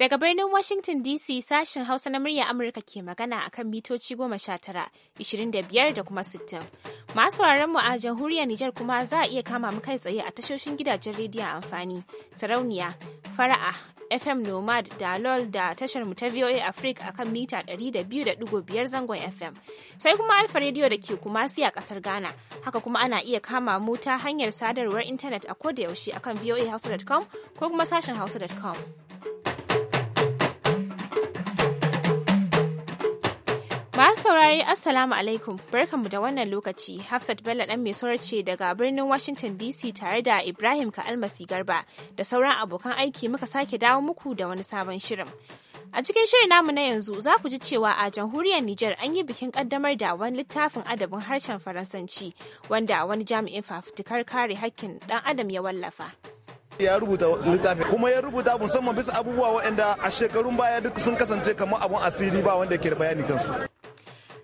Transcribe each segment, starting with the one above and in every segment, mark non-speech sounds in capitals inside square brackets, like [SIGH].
Daga birnin Washington DC sashen Hausa na murya Amurka ke magana akan mitoci goma sha tara, ishirin da biyar da kuma sittin. Masu mu a jamhuriyar Nijar kuma za a iya kama mu kai tsaye a tashoshin gidajen rediyon amfani, sarauniya, fara'a, FM Nomad da LOL da tashar mu ta VOA Africa akan mita 200.5 zangon FM. Sai kuma Alfa Radio da ke kuma a kasar Ghana. Haka kuma ana iya kama mu ta hanyar sadarwar intanet a koda yaushe akan voahausa.com ko kuma sashen hausa.com. Masu saurari Assalamu alaikum barkanmu da wannan lokaci Hafsat Bello dan mai ce daga birnin Washington DC tare da Ibrahim ka-almasi Garba da sauran abokan aiki muka sake dawo muku da wani sabon shirin. A cikin shirin namu na yanzu za ku ji cewa a jamhuriyar Nijar an yi bikin kaddamar da wani littafin adabin harshen Faransanci wanda wani jami'in fafutukar kare hakkin dan adam ya wallafa. ya rubuta littafi kuma ya rubuta musamman bisa abubuwa waɗanda a shekarun baya duk sun kasance kamar abun asiri ba wanda ke da bayani kansu.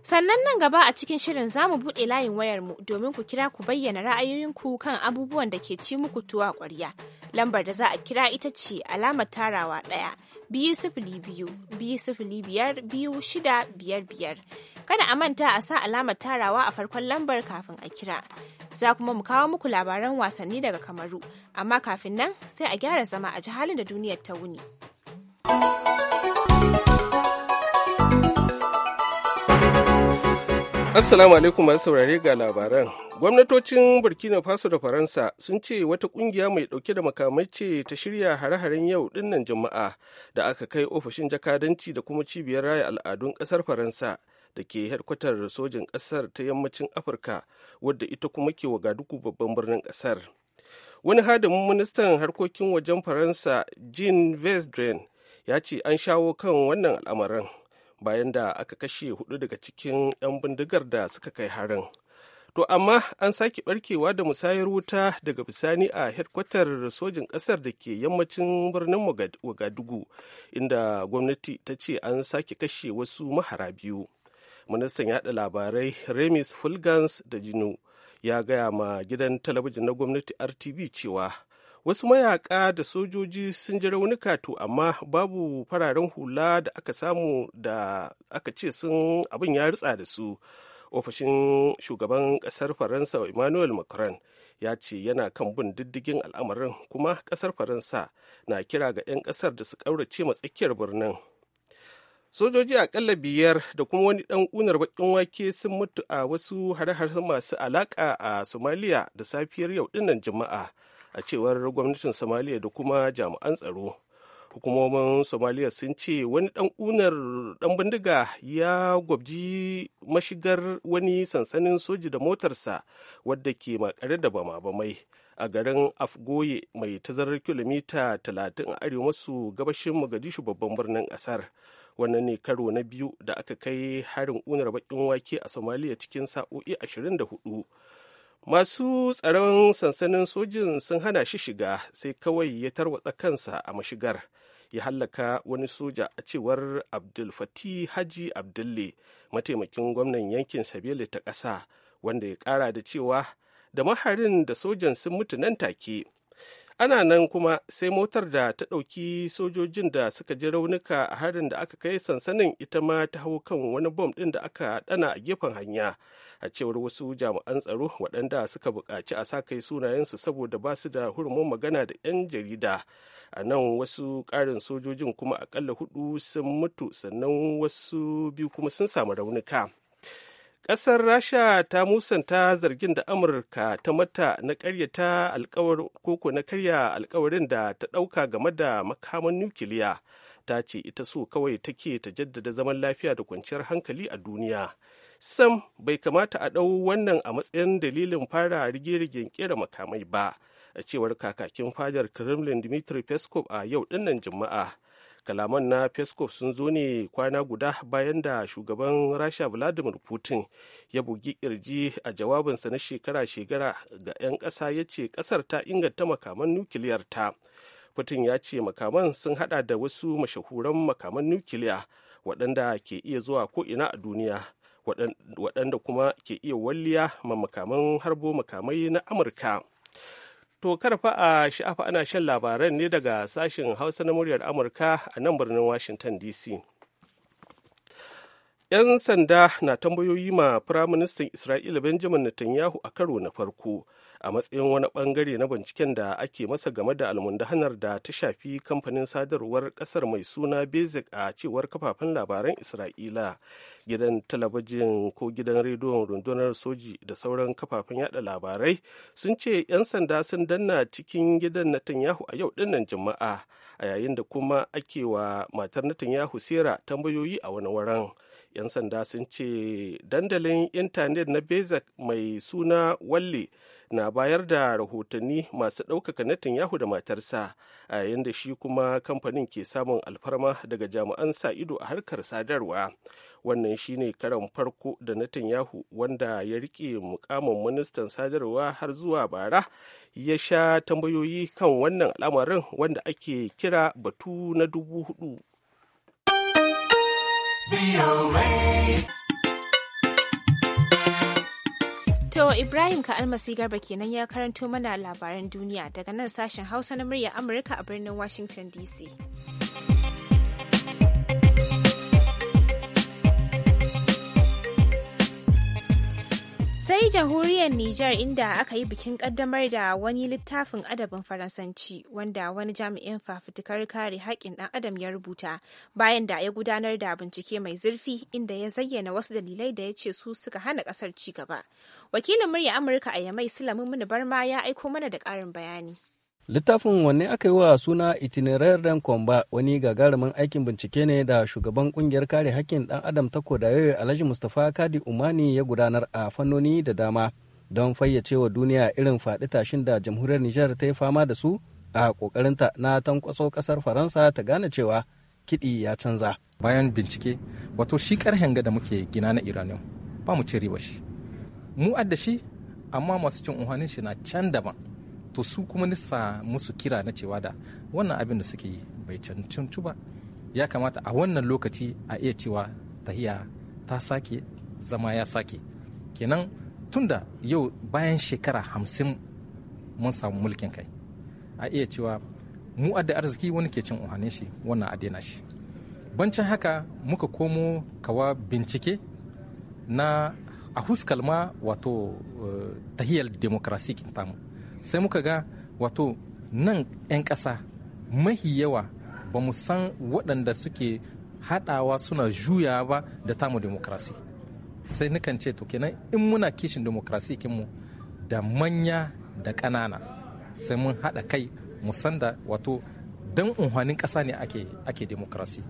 Sannan nan gaba a cikin shirin za mu buɗe layin wayar mu domin ku kira ku bayyana ra'ayoyinku kan abubuwan da ke ci muku tuwa ƙwarya. Lambar da za a kira ita ce alamar tarawa ɗaya biyu sifili biyu biyu sifili biyar biyu shida biyar biyar. Kada a manta a sa alamar tarawa a farkon lambar kafin a kira. Za kuma mu kawo muku labaran wasanni daga Kamaru, amma kafin nan sai a gyara zama a ji halin da duniyar ta wuni. Assalamu alaikum masu saurare ga labaran. Gwamnatocin Burkina Faso da Faransa sun ce wata kungiya mai dauke da makamai ce ta shirya hare-haren yau dinnan Juma'a da aka kai ofishin jakadanci da kuma cibiyar raya al'adun kasar Faransa da ke hedkwatar sojin kasar ta yammacin Afirka wadda ita kuma ke wa duku babban birnin kasar. Wani hadamin ministan harkokin wajen Faransa Jean Vesdren ya ce an shawo kan wannan al'amarin. bayan da aka kashe hudu daga cikin 'yan bindigar da suka kai harin to amma an sake barkewa da musayar wuta daga bisani a hedkwatar sojin kasar da ke yammacin birnin wagadugu inda gwamnati ta ce an sake kashe wasu mahara biyu ministan yada labarai remis fulgans da jinu ya gaya ma gidan talabijin na gwamnati rtv cewa wasu mayaka da sojoji sun ji raunuka to amma babu fararen hula da aka samu da aka ce sun abin ya ritsa da su ofishin shugaban kasar faransa emmanuel macron ya ce yana kan bin diddigin al'amarin kuma kasar faransa na kira ga 'yan kasar da su ƙaurace tsakiyar birnin sojoji a akalla biyar da kuma wani dan unar bakin wake sun mutu a wasu hare-hare masu alaka a somalia da safiyar yau dinnan juma'a a cewar gwamnatin somaliya da kuma jami'an tsaro hukumomin somaliya sun ce wani dan kunar dan bindiga ya gwabji mashigar wani sansanin soji da motarsa wadda ke makare da bama-bamai a garin afgoye mai tazarar kilomita 30 a arewa maso gabashin mogadishu babban birnin kasar wannan ne karo na biyu da aka kai harin unar bakin wake a somaliya cikin sa'o'i 24 masu tsaron sansanin sojin sun hana shi shiga sai kawai ya tarwatsa kansa a mashigar ya hallaka wani soja a cewar abdulfati haji abdulle mataimakin gwamnan yankin sabele ta ƙasa wanda ya ƙara da cewa da maharin da sojan sun mutu nan take ana nan kuma sai motar da ta ɗauki sojojin da suka ji raunuka a harin da aka kai sansanin ita ma ta hau kan wani bom ɗin da aka ɗana a gefen hanya a cewar wasu jami'an tsaro waɗanda suka buƙaci a sa kai sunayensu saboda ba su da hurumin magana da 'yan jarida a nan wasu ƙarin sojojin kuma aƙalla hudu sun mutu sannan wasu biyu kuma sun samu raunuka. Ƙasar Rasha ta musanta zargin da Amurka ta mata na karyata alkawar koko na karya alkawarin da ta ɗauka game da makaman nukiliya. Ta ce ita so kawai take ta jaddada zaman lafiya da kwanciyar hankali a duniya. Sam bai kamata a ɗau wannan a matsayin dalilin fara rige-rigen kera makamai ba, a cewar kakakin fadar Kremlin Dmitry Peskov a yau dinnan Juma'a. kalaman na peskov sun zo ne kwana guda bayan da shugaban rasha vladimir putin ya bugi kirji a jawabinsa na shekara-shekara ga 'yan ƙasa ya ce ƙasar ta inganta makaman nukiliyar ta putin ya ce makaman sun hada da wasu mashahuran makaman nukiliya waɗanda ke iya zuwa ko'ina a duniya waɗanda kuma ke iya walliya ma makaman harbo makamai na amurka To karfa a sha'afa ana shan labaran ne daga sashen Hausa na muryar Amurka a nan birnin Washington DC. 'Yan sanda na tambayoyi ma Firaministan Isra'ila Benjamin Netanyahu a karo na farko a matsayin wani bangare na binciken da ake masa game da almundahanar da ta shafi kamfanin sadarwar kasar mai suna basic a cewar kafafen labaran isra'ila gidan talabijin ko gidan rediyon rundunar soji da sauran kafafen yada labarai sun ce 'yan sanda sun danna cikin gidan netanyahu a yau dinnan juma'a a yayin da kuma ake wa matar netanyahu sera tambayoyi a wani wurin 'yan sanda sun ce dandalin intanet na bezak mai suna walle na bayar da rahotanni masu ɗaukaka natin yahu da matarsa a yayin da shi kuma kamfanin ke samun alfarma daga jami'an sa ido a harkar sadarwa wannan shi ne karan farko da natin yahu wanda ya rike mukamin ministan sadarwa har zuwa bara ya sha tambayoyi kan wannan al'amarin wanda ake kira batu na dubu hudu. To Ibrahim ka almasi garba kenan ya karanto mana labaran duniya daga nan sashen Hausa na murya Amurka a birnin Washington DC. sai jamhuriyar Nijar inda aka yi bikin kaddamar da wani littafin adabin faransanci wanda wani jami'in fafutukar kare haƙƙin ɗan adam ya rubuta bayan da ya gudanar da bincike mai zurfi inda ya zayyana wasu dalilai da ya ce su suka hana ƙasar ci gaba wakilin murya amurka a yamai sulamin mini barma ya aiko mana da ƙarin bayani Littafin wanne aka yi wa suna Itineraire komba wani gagarumin aikin bincike ne da shugaban kungiyar kare hakkin ɗan adam ta Kodayoyi Alhaji Mustapha Kadi Umani ya gudanar a fannoni da dama don fayyace wa duniya irin faɗi tashin da jamhuriyar Nijar ta yi fama da su a ƙoƙarinta na tankwaso ƙasar Faransa ta gane cewa kiɗi ya canza. Bayan bincike, wato shi ƙarhen da muke gina na Iranium ba mu ci riba shi. Mu adda amma masu cin umarnin shi na can daban. to su kuma nisa musu kira na cewa da wannan abin da suke yi bai cancanci ba ya kamata a wannan lokaci a iya cewa tahiya ta sake zama ya sake kenan tunda yau bayan shekara hamsin mun samu mulkin kai a iya cewa mu adda arziki wani ke cin uhanin shi wannan adena shi bancin haka muka komo kawa bincike na a huskalma wato eh, tahiyar demokrasi kintamu sai muka ga wato nan 'yan ƙasa mahi yawa ba mu san waɗanda suke haɗawa suna juya ba da tamu demokrasi sai nukan ce to kenan in muna kishin demokrasi kinmu da manya da ƙanana sai mun haɗa kai mu san da wato dan unhwanin ƙasa ne ake, ake demokrasi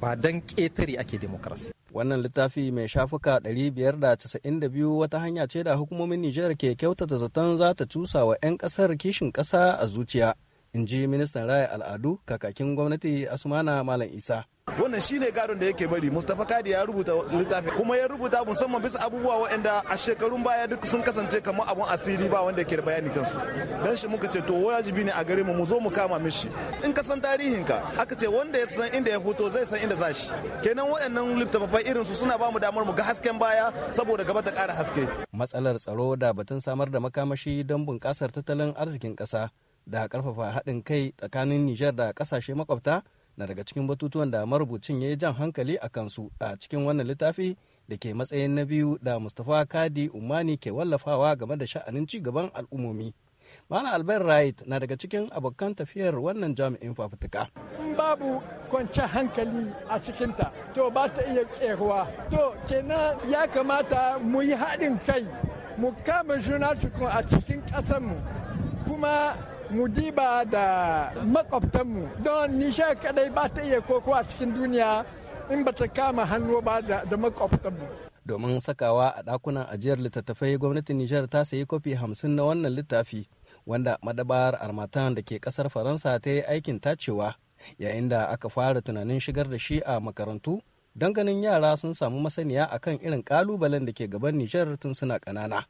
ba dan ƙetare ake demokrasi Wannan littafi mai shafuka 592 wata hanya ce da hukumomin Nijar ke kyautata zaton za ta cusa wa 'yan ƙasar kishin ƙasa a zuciya, in ji ministan raya al'adu kakakin gwamnati Asmana Malam Isa. wannan shi ne gadon da yake bari mustapha kadi ya rubuta littafi kuma ya rubuta musamman bisa abubuwa waɗanda a shekarun baya duk sun kasance kamar abun asiri ba wanda yake da bayani kansu dan shi muka ce to wajibi ne a gare mu mu zo mu kama mishi in ka san tarihin ka aka ce wanda ya san inda ya fito zai san inda zashi kenan waɗannan littafafai irin su suna ba mu damar mu ga hasken baya saboda gaba ta ƙara haske matsalar tsaro da batun samar da makamashi don bunƙasar tattalin arzikin ƙasa da karfafa haɗin kai tsakanin Nijar da ƙasashe makwabta na daga cikin batutuwan da marubucin ya yi jan hankali a kansu a cikin wannan littafi da ke matsayin na biyu da mustapha kadi umani ke wallafawa game da sha'anin ci gaban al'ummomi mana albert wright na daga cikin abokan tafiyar wannan jami'in fafutuka in babu kwanciyar hankali a cikinta to ba ta iya tseruwa to kenan ya kamata mu yi haɗin kai mu kama juna cikin a cikin ƙasarmu kuma mu diba da makwabtanmu don nisha kadai ba ta iya kokowa cikin duniya in ba ta kama hannu ba da makwabtanmu. Domin sakawa a ɗakunan ajiyar littattafai gwamnatin Nijar ta sayi kofi hamsin na wannan littafi wanda madabar armatan da ke ƙasar Faransa ta yi aikin tacewa yayin da aka fara tunanin shigar da shi a makarantu don ganin yara sun samu masaniya akan irin kalubalen da ke gaban Nijar tun suna ƙanana.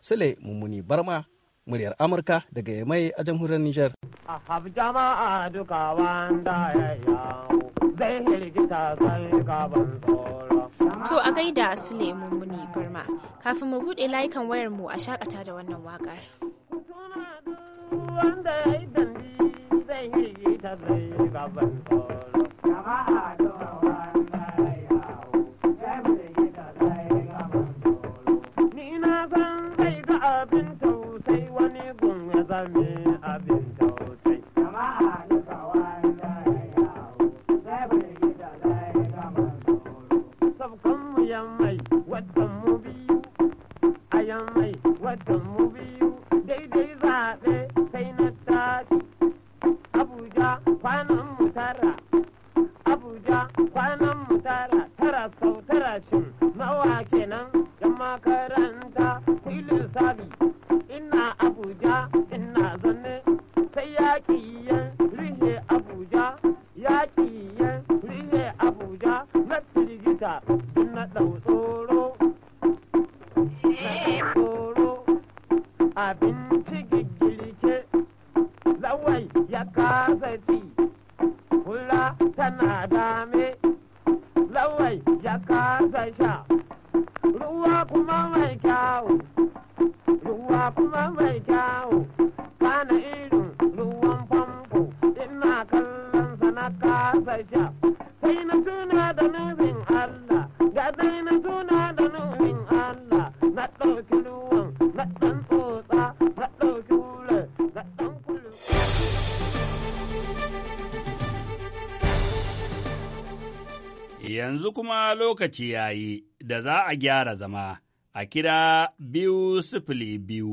Sule Mummuni Barma muryar amurka daga yamai a jamhuriyar nijar jama'a wanda ya yawo zai to a gaida su lemun muni barma kafin mu buɗe layukan wayar mu a shakata da wannan wakar wanda ya yi dandi zai hirgita sai gaban tsoro jama'a Amen. kyawu kana irin ruwan famfo ina kallon sa na kasa sha sai na tuna da nufin Allah ga dai na tuna da nufin Allah na ɗauki ruwan na ɗan tsotsa na ɗauki wura na ɗan kulu. Yanzu kuma lokaci ya yi da za a gyara zama. a kira biyu sifili biyu,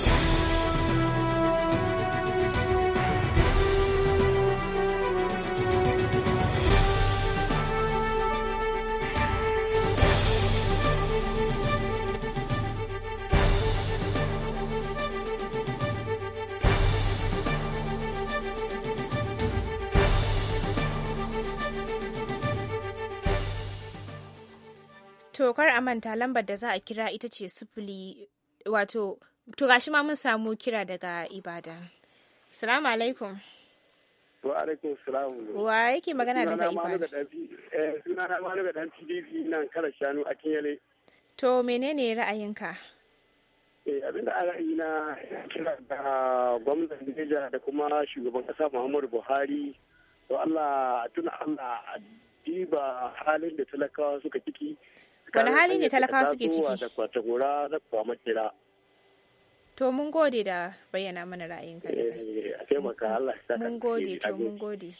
To kar a manta lambar da za a kira ita ce sifili wato to gashi ma mun samu kira daga Ibadan. Salamu alaikum. Wa alaikum salamu Wa yake magana daga Ibadan? Eh, Suna na malu ga dan PDP nan kala shanu a Kinyale. To menene ra'ayinka? Eh abin da ra'ayina kira da gwamnatin Niger da kuma shugaban kasa Muhammadu Buhari. To Allah tuna Allah diba halin da talakawa suka ciki wani hali ne talakawa suke ciki to mun gode da bayyana mana ra'ayinka eh, ka mun gode to mun gode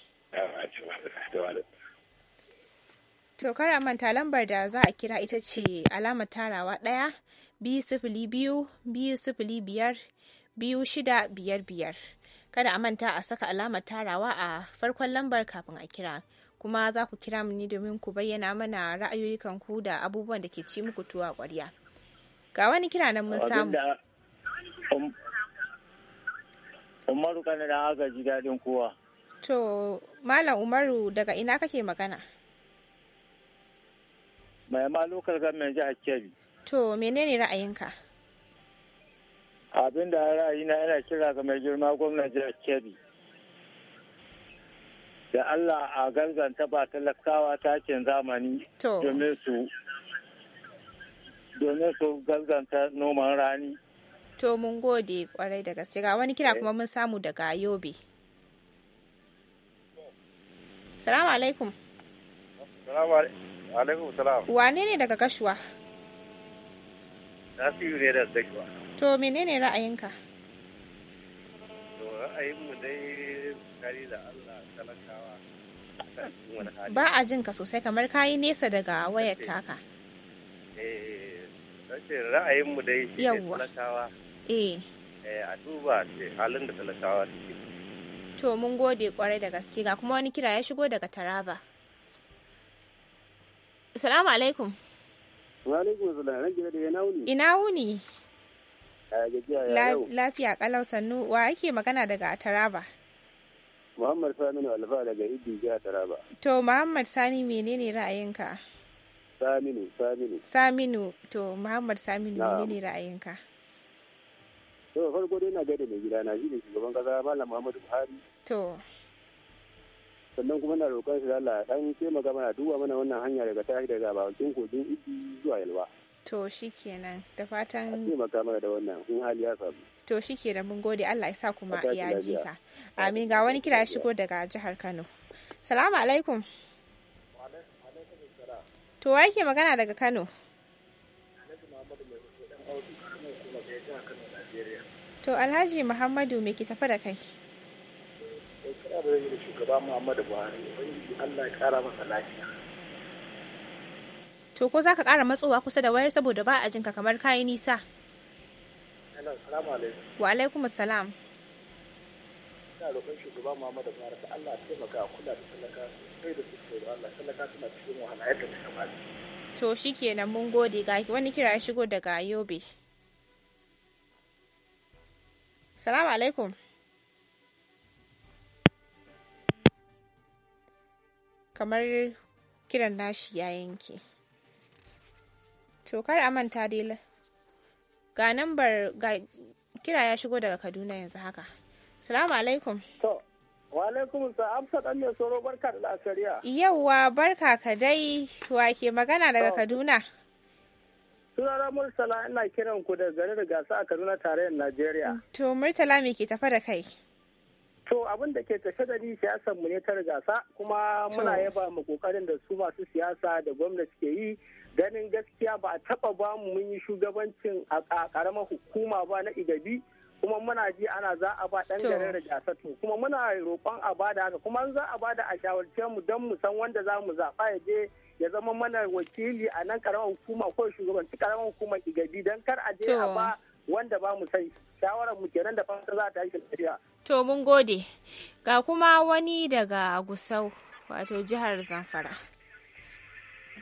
to kara manta lambar da za a kira ita ce alamar tarawa ɗaya biyu sifili biyu biyu sifili biyar biyu shida biyar biyar kada a manta a saka alamar tarawa a farkon lambar kafin a kira kuma za ku kira mu ne domin ku bayyana mana ra'ayoyikanku da abubuwan da ke ci muku tuwa ƙwarya. Ga wani kira nan mun samu. Um, Umaru kana da haka ji daɗin kowa. To, Malam Umaru daga ina kake magana? Mai ma lokal gamin jihar Kebbi. To, menene ra'ayinka? Abin da ra'ayina yana kira ga mai girma gwamnan jihar Kebbi. da Allah a ganganta ba talakawa takin zamani domin su domin su ganganta noman rani. To mun gode kwarai da gaske ga wani kira eh. kuma mun samu daga Yobe. Salamu alaikum. Salamu alaikum salamu. Wane ne daga Gashuwa? Nasiru ne da Gashuwa. To menene ra'ayinka? ra'ayinmu dai kari da Allah talakawa. Ba a jin ka sosai kamar ka yi nesa daga wayar taka. Eh, mu dai shi ne talakawa. Eh. eh. a duba halin da talakawa suke. To mun gode kwarai da gaske ga kuma wani kira ya shigo daga Taraba. Salamu alaikum. Wa alaikum salam, ran gida da ina wuni. Ina wuni. Lafiya kalau sannu wa ake magana daga Taraba? Muhammad Sani Alfa daga ibi jihar Taraba. To Muhammad Sani menene ra'ayinka? Saminu, Saminu. Saminu, to Muhammad Saminu menene ra'ayinka? To farko dai na gaida mai gida na ne shugaban kasa Malam Muhammadu Buhari. To. Sannan kuma na roƙon shi Allah dan taimaka magana duba mana wannan hanya daga tashi daga bakin kogin ibi zuwa Yalwa. To shi kenan da fatan. da wannan in hali ya samu. To shi kenan mun gode Allah ya sa kuma ya ji ka. Amin ga wani kira shigo daga jihar Kano. Salamu alaikum. To wa ke magana daga Kano? To Alhaji Muhammadu me ke tafa da kai? Eh, kira da shugaba Muhammadu Buhari, Allah ya kara masa lafiya. To ko za ka ƙara matsowa kusa da wayar saboda ba a jin ka kamar kayi nisa. Wa alaikum salam. Ina roƙon shugaba Muhammadu Buhari da Allah taimaka a kula da talaka sai da suke da Allah talaka suna cikin wahala yadda ta kamata. To shi kenan mun gode ga wani kira ya shigo daga Yobe. Salamu alaikum. Kamar kiran nashi ya yanke. to kar a manta dai ga nambar ga kira ya shigo daga kaduna yanzu haka salamu alaikum to wa alaikum amsa dan ne soro barka da asariya yauwa barka ka dai wa ke magana daga kaduna sunana murtala ina kiran ku da garin gasa a kaduna tarayyar najeriya to murtala me ke tafa da kai to abin da ke tafe da ni siyasar mu ne ta rigasa kuma muna yaba mu kokarin da su masu siyasa da gwamnati ke yi ganin gaskiya ba a taba ba mu mun yi shugabancin a karamar hukuma ba na igabi kuma muna ji ana za a ba dan garin rajasatu kuma muna roƙon a bada haka kuma za a bada a shawarce mu don mu san wanda za mu zaɓa ya je ya zama mana wakili a nan karamar hukuma ko shugabanci karamar hukumar igabi don kar a je a ba wanda ba mu sai shawarar mu kenan da fata za ta yi lafiya. To mun gode ga kuma wani daga Gusau wato jihar Zamfara.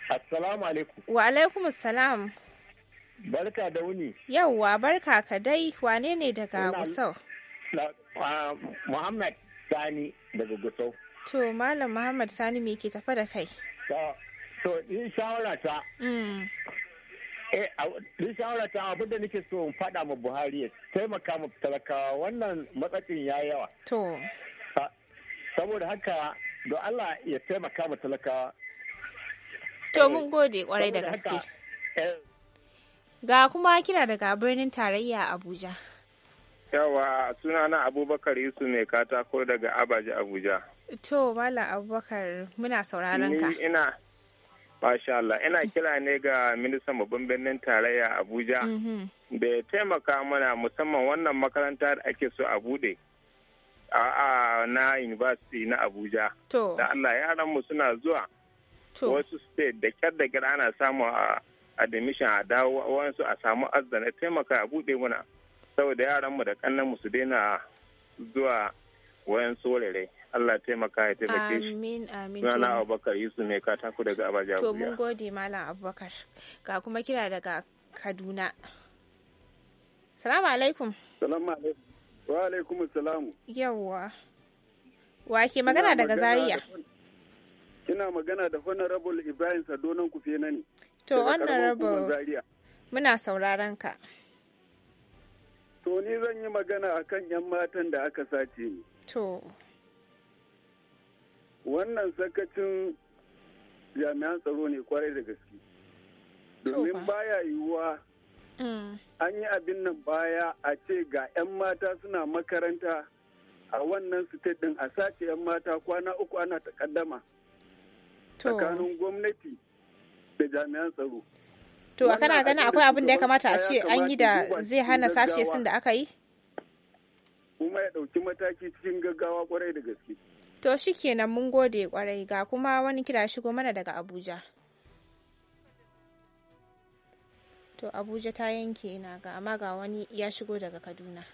Assalamu alaikum. Wa alaikum assalam. Barka da wuni. Yauwa barka ka dai wane ne daga Gusau? Muhammad Sani daga Gusau. To Malam Muhammad Sani me ke tafa da kai? To in shawara ta. Mm. Eh, ni shawara ta abin da nake so in fada ma Buhari ya taimaka ma talakawa wannan matsakin ya yawa. To. Saboda haka don Allah ya taimaka ma talakawa To mun gode kwarai da gaske. Eh. Ga kuma kira daga birnin tarayya Abuja. Yawa sunana Abubakar Yusuf mai katako daga Abaji Abuja. To Malam Abubakar muna sauraron ka. ina Masha Allah ina kira ne ga ministan babban birnin tarayya Abuja mm-hmm. da ya taimaka mana musamman wannan makaranta da ake so a bude. A'a na university na Abuja. To. Da Allah yaran mu suna zuwa. wasu state da kyar da kyar ana samu a admission a dawo wasu a samu azzana taimaka a buɗe muna saboda yaranmu da mu su daina zuwa wayan sorere Allah taimaka ya taimake shi. Amin amin. Sunana Abubakar Yusuf mai katako daga Abuja. To mun gode Malam Abubakar. Ga kuma kira daga Kaduna. Salamu alaikum. Salamu alaikum. Wa alaikum salamu. Yawwa. Wa ke magana daga Zaria? Ina magana da Honorable Ibrahim Sadonan Kufena ne. To, Honorable, muna sauraron ka. To, ni zan yi magana a kan 'yan matan da aka sace ni. To. Wannan sakacin jami'an tsaro ne kwarai da gaske. Domin baya yiwuwa mm. an yi abin nan baya a ce ga 'yan mata suna makaranta a wannan state din a sace 'yan mata kwana uku ana takaddama. tsakanin gwamnati da jami'an tsaro to a kana ganin akwai abin da ya kamata a ce an yi da zai hana sashe sun da aka yi kuma ya ɗauki mataki cikin gaggawa kwarai da gaske to shi kenan mun gode kwarai ga kuma wani kira shigo mana daga abuja to abuja ta yanke na ga amma ga wani ya shigo daga kaduna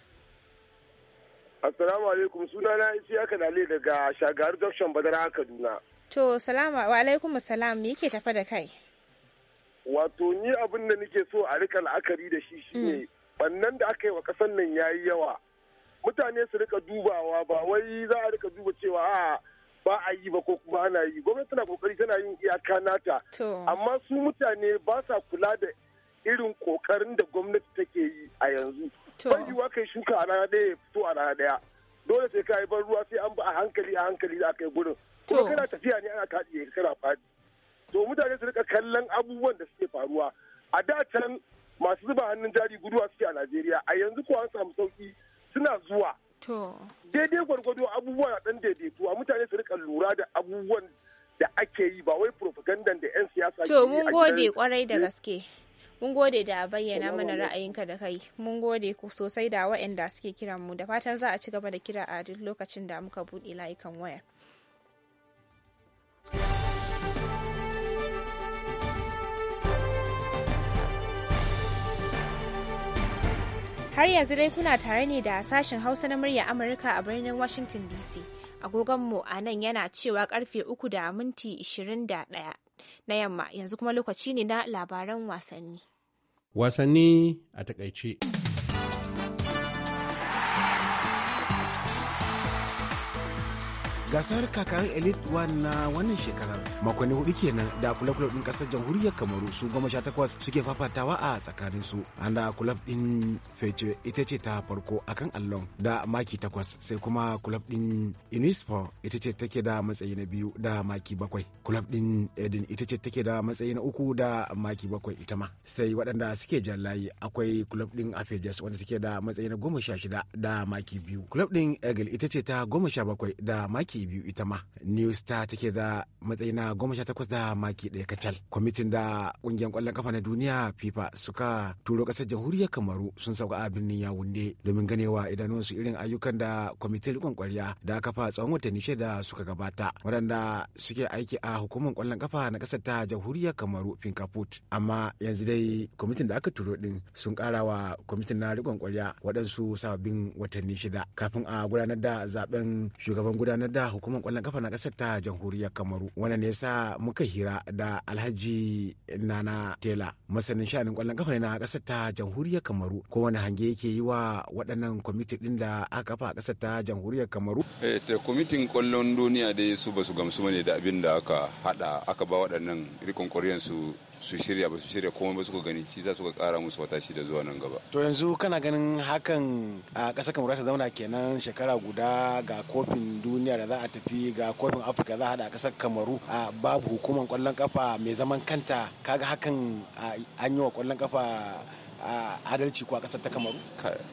assalamu alaikum sunana isi aka daga shagaru junction badara kaduna To, salama, wa alaikum salam, me yake tafa da kai? Wato, ni abin da nake so a rika la'akari da shi shine bannan mm. da aka yi wa kasan nan ya yi yawa. Mutane su rika dubawa ba wai za a rika duba cewa a ba a yi ba ko kuma ana yi. Gwamnati tana kokari tana yin iyaka nata. Amma su mutane ba sa kula da irin kokarin da gwamnati take yi a yanzu. Bai kai shuka a rana ɗaya fito a rana ɗaya. Dole sai ka yi ban ruwa sai an ba a hankali a hankali da aka yi gurin. kuma kana tafiya ne ana kaɗi kana faɗi to mutane su rika kallon abubuwan da suke faruwa a da can masu zuba hannun jari guduwa suke a Najeriya a yanzu ko an samu sauki suna zuwa daidai gwargwado abubuwa na ɗan daidaituwa mutane su rika lura da abubuwan da ake yi ba wai propaganda da 'yan siyasa to mun gode kwarai da gaske mun gode da bayyana mana ra'ayinka da kai mun gode sosai da waɗanda suke kiran mu da fatan za a ci gaba da kira a duk lokacin da muka buɗe layukan wayar Har yanzu dai kuna tare ne da sashen Hausa na murya Amurka a birnin Washington DC. Agogonmu a nan yana cewa karfe uku da minti 21 na yamma yanzu kuma lokaci ne na labaran wasanni. Wasanni a takaice. gasar kakarin elite one na wannan shekarar makonni hudu kenan da kula kula din kasar jamhuriyar kamaru su goma sha takwas suke fafatawa a tsakanin su anda kulab din fece ita ce ta farko akan allon da maki takwas sai kuma kulab din inispo ita ce take da matsayi na biyu da maki bakwai kulab din edin ita ce take da matsayi na uku da maki bakwai ita ma sai waɗanda suke jan layi akwai kulab din afejas wanda take da matsayi na goma sha shida da maki biyu kulab din egil ita ce ta goma sha bakwai da maki biyu ita ma new star take da matsayi na goma sha takwas da maki ɗaya kacal kwamitin da ƙungiyar ƙwallon kafa na duniya fifa suka turo ƙasar jamhuriyar kamaru sun sauka a birnin yawunde domin ganewa idanunsu irin ayyukan da kwamitin rikon ƙwarya da aka fa tsawon watanni shida suka gabata waɗanda suke aiki a hukumar ƙwallon kafa na ƙasar ta jamhuriyar kamaru finkaput amma yanzu dai kwamitin da aka turo ɗin sun ƙara wa kwamitin na rikon ƙwarya waɗansu sababbin watanni shida kafin a gudanar da zaben shugaban gudanar da hukumar kwallon kafa na kasar ta jamhuriyar kamaru wanda ne sa muka hira da alhaji nana tela masanin sha'anin kwallon kafa na kasar ta jamhuriyar kamaru ko wani hange yake yi wa waɗannan kwamiti din da aka kafa a kasar ta jamhuriyar kamaru eh, ta kwamitin kwallon duniya dai su basu gamsu ne da abin da aka haɗa aka ba waɗannan rikon koriyan su su shirya ba su shirya kuma ba suka gani shi za su ka kara musu wata shida zuwa nan gaba to yanzu kana ganin hakan a ƙasar kamar ta zauna kenan shekara guda ga kofin duniya da za a tafi ga kofin afirka za a haɗa ƙasar kamaru a babu hukumar kwallon kafa mai zaman kanta kaga hakan an yi wa kwallon kafa adalci ko a kasar ta kamaru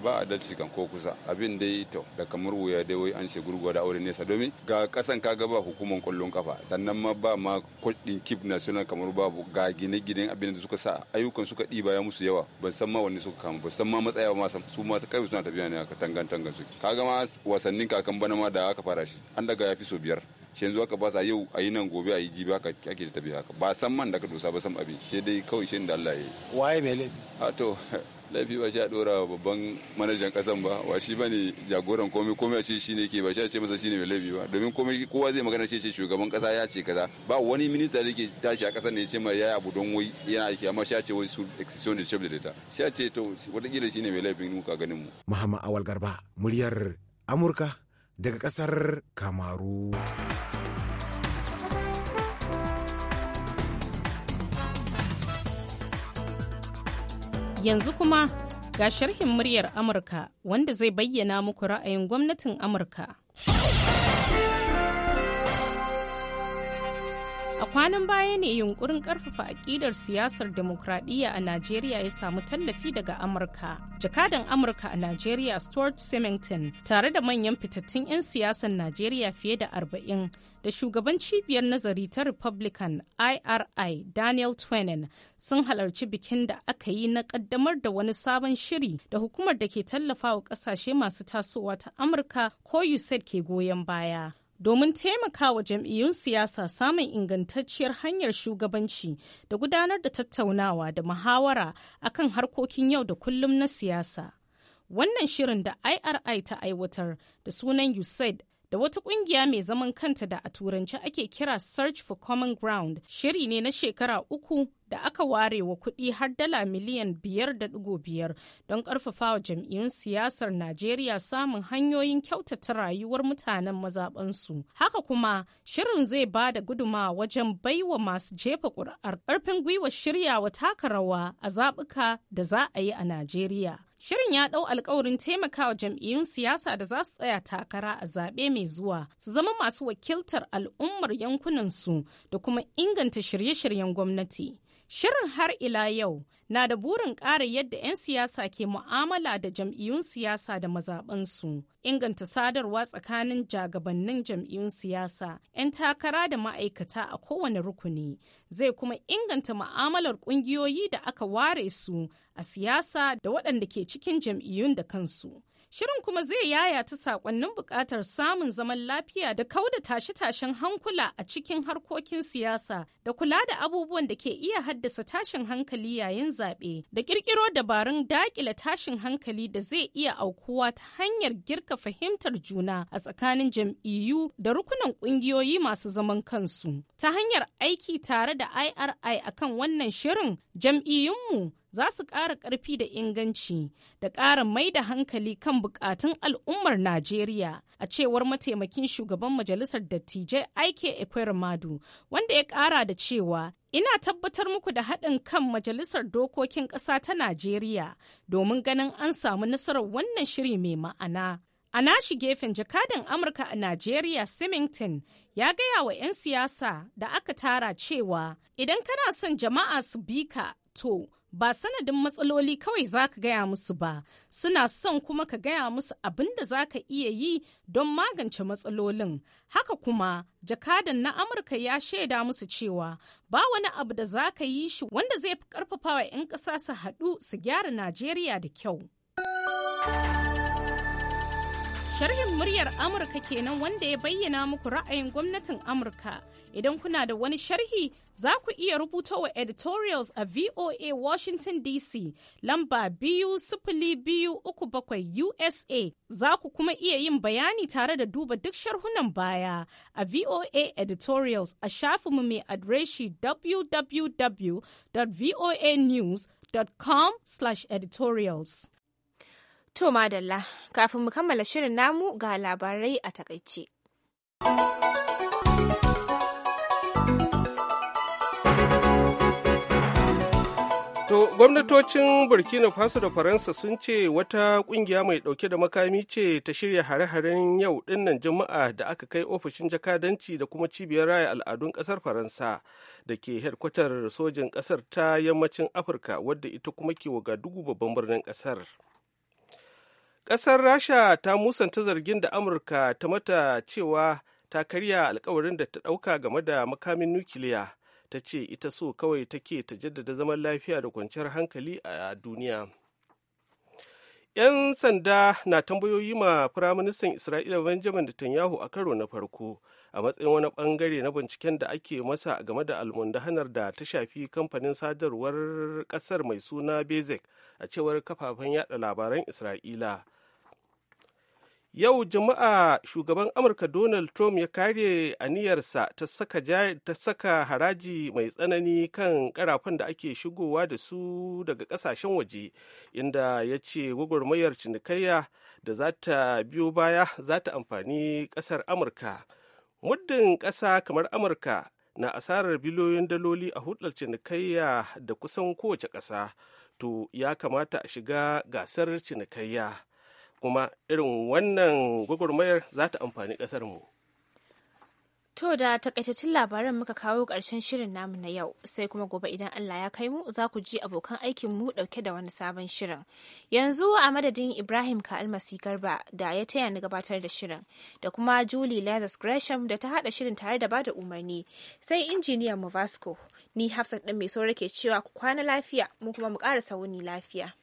ba adalci kan ko kusa abin dai to da kamar wuya dai wai an ce gwada da aure nesa domin ga kasan kaga ba hukumar kwallon kafa sannan ma ba ma kudin kip national kamar babu ga gine gine abin da suka sa ayyukan suka ɗiba ya musu yawa ban san ma wanne suka kama ban san ma matsaya ma san su ma kai suna tafiya ne aka tangan tangan su kaga ma wasannin kakan bana ma da aka fara shi an daga ya fi so biyar shi yanzu aka basa yau a yi nan gobe a yi jibi a ake tafiya haka ba san man da ka dosa ba san abin shi dai kawai shi da Allah ya yi waye mai laifi a to [LAUGHS] laifi ba shi a dora babban manajan kasan ba wa shi ne jagoran komai komai a ce shi ne ke ba shi a ce masa shi ne mai laifi ba domin komai kowa zai magana ce shugaban kasa ya ce kaza ba wani minista da ke tashi a kasan ne ya ce ma ya abu don wai yana aiki amma shi a ce wai su excision da shabda data shi a ce to wataƙila shi ne mai laifin nuka ganin mu. Muhammad Awal Garba muryar Amurka daga ƙasar kamaru. Yanzu kuma ga sharhin muryar Amurka wanda zai bayyana muku ra'ayin gwamnatin Amurka. a kwanan baya ne yunkurin karfafa akidar siyasar demokradiyya a najeriya ya samu tallafi daga amurka jakadan amurka a najeriya stuart simington tare da manyan fitattun 'yan siyasar najeriya fiye da arba'in, da shugaban cibiyar nazari ta republican iri daniel twenin sun halarci bikin da aka yi na ƙaddamar da wani sabon shiri da hukumar da ke tallafawa ƙasashe masu tasowa ta amurka ko usaid ke goyon baya domin taimakawa jam'iyyun siyasa samun ingantacciyar hanyar shugabanci da gudanar da tattaunawa da muhawara akan harkokin yau da kullum na siyasa. Wannan shirin da IRI ta aiwatar da sunan USAID da wata kungiya mai zaman kanta da a turanci ake kira Search for Common Ground shiri ne na shekara uku da aka ware wa kuɗi har dala miliyan biyar da biyar don ƙarfafa wa jam'iyyun siyasar Najeriya samun hanyoyin kyautata rayuwar mutanen mazaɓansu. Haka kuma shirin zai ba da guduma wajen baiwa masu jefa ƙuri'ar ƙarfin gwiwa wa taka rawa a zaɓuka da za a yi a Najeriya. Shirin ya ɗau alkawarin taimakawa jam'iyyun siyasa da za su tsaya takara a zaɓe mai zuwa su zama masu wakiltar al'ummar yankunansu da kuma inganta shirye-shiryen gwamnati. Shirin har ila yau na da burin ƙara yadda 'yan siyasa ke mu'amala da jam'iyyun siyasa da mazaɓansu, inganta sadarwa tsakanin jagabannin jam'iyyun siyasa, 'yan takara da ma'aikata a kowane rukuni, zai kuma inganta mu'amalar ƙungiyoyi da aka ware su a siyasa da waɗanda ke cikin jam'iyyun da kansu. Shirin kuma zai yaya ta saƙonnin buƙatar samun zaman lafiya da kauda tashe-tashen hankula a cikin harkokin siyasa da kula da abubuwan da ke iya haddasa tashin hankali yayin zaɓe da ƙirƙiro dabarun daƙile tashin hankali da zai iya aukuwa ta hanyar girka fahimtar juna a tsakanin jam'iyyu da rukunan ƙungiyoyi masu zaman kansu. Ta hanyar aiki tare da IRI akan wannan shirin jam'iyyunmu za su ƙara ƙarfi da inganci da ƙara mai da hankali kan buƙatun al'ummar Najeriya a cewar mataimakin shugaban majalisar dattijai Aike Ekweremadu wanda ya ƙara da cewa ina tabbatar muku da haɗin kan majalisar dokokin ƙasa ta Najeriya domin ganin an samu nasarar wannan shiri mai ma'ana. A nashi gefen jakadan Amurka a Najeriya Simington ya gaya wa 'yan siyasa da aka tara cewa idan kana son jama'a su bi ka to ba sanadin matsaloli kawai za ka gaya musu ba suna son kuma ka gaya musu abin da za ka iya yi don magance matsalolin haka kuma jakadan na amurka ya shaida musu cewa ba wani abu da za ka yi shi wanda zai fi wa 'yan ƙasa su haɗu su gyara najeriya da kyau Sharhin muryar Amurka kenan wanda ya bayyana muku ra'ayin gwamnatin Amurka. Idan kuna da wani sharhi za ku iya rubuta wa editorials a VOA Washington DC lamba biyu sifili biyu uku bakwai USA. Za ku kuma iya yin bayani tare da duba duk sharhunan baya a VOA editorials a shafinmu mai adireshi www.voanews.com/editorials. To madalla Kafin mu kammala shirin namu ga labarai a takaice. gwamnatocin Burkina Faso da Faransa sun ce wata kungiya mai dauke da makami ce ta shirya hare-haren yau dinnan Juma'a da aka kai ofishin jakadanci da kuma cibiyar raya al'adun kasar Faransa da ke hedkwatar sojin kasar ta yammacin Afirka wadda ita kuma ke waga dugu babban birnin kasar. Ƙasar Rasha ta musanta zargin da Amurka ta mata cewa ta karya alkawarin da ta ɗauka game da makamin nukiliya. Ta ce ita so kawai take ta jaddada zaman lafiya da kwanciyar hankali a duniya. 'Yan sanda na tambayoyi ma Firaministan Isra'ila Benjamin Netanyahu a karo na farko a matsayin wani bangare na binciken da ake masa game da almundahanar da ta shafi kamfanin sadarwar kasar mai suna bezek a cewar kafafen yada labaran isra'ila yau jama'a shugaban amurka donald trump ya kare aniyarsa ta saka, ta saka haraji mai tsanani kan karafan da ake shigowa da su daga kasashen waje inda ya ce gwagwarmayar cinikayya da za ta biyo baya za ta amfani kasar amurka muddin ƙasa kamar amurka na asarar biliyoyin daloli a hudar cinikayya da kusan kowace ƙasa to ya kamata a shiga gasar cinikayya kuma irin wannan gwagwarmayar za ta amfani ƙasar mu To da takaitaccen labaran muka kawo ƙarshen shirin namu na yau sai kuma gobe idan Allah ya kai mu za ku ji abokan aikin mu ɗauke da wani sabon shirin. Yanzu a madadin Ibrahim Ka'almasi Garba da ya taya ni gabatar da shirin da kuma Julie Lazarus Gresham da ta haɗa shirin tare da bada umarni sai injiniyan mu Vasco ni Hafsat ɗin mai saurake cewa ku kwana lafiya mu kuma mu ƙara sauni lafiya.